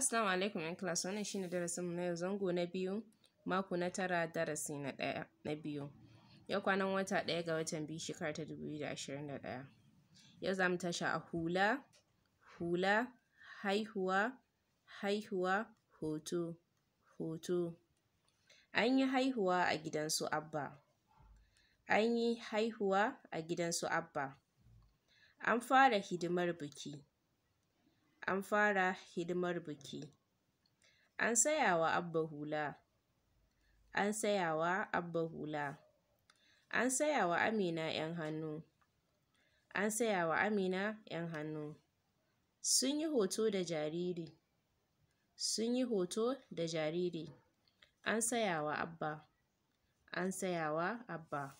Assalamu alaikum ‘yan class wannan shine darasin mu na yau zango na biyu mako na tara darasi na ɗaya na biyu Ya kwanan wata ɗaya ga watan biyu shekara ta dubu biyu da ashirin da ɗaya yau mu tashi a hula hula haihuwa haihuwa hoto hoto An yi haihuwa a gidan su Abba yi haihuwa a gidan su Abba an fara hidimar biki an fara hidimar biki. An saya wa Abba hula, an saya wa Abba hula, an saya wa Amina ‘yan hannu, an saya wa Amina ‘yan hannu. Sun yi hoto da jariri, sun yi hoto da jariri. An saya wa Abba, an saya wa Abba.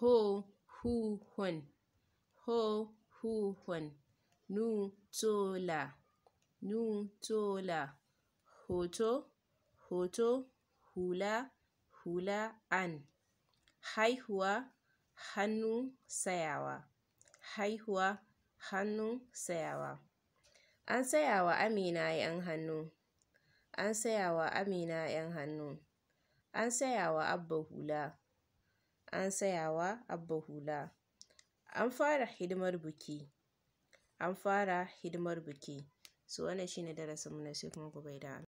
Ho, hu, hun, ho, hu, hun. Nutola Nutola Hoto Hoto Hula Hula An Haihuwa hannu, Sayawa Haihuwa hannu, Sayawa An sayawa Amina 'yan hannu An sayawa Amina 'yan hannu An sayawa Abba hula An sayawa Abba hula An fara hidimar biki. an fara hidimar biki. So wannan shine darasinmu na sai kuma gobe da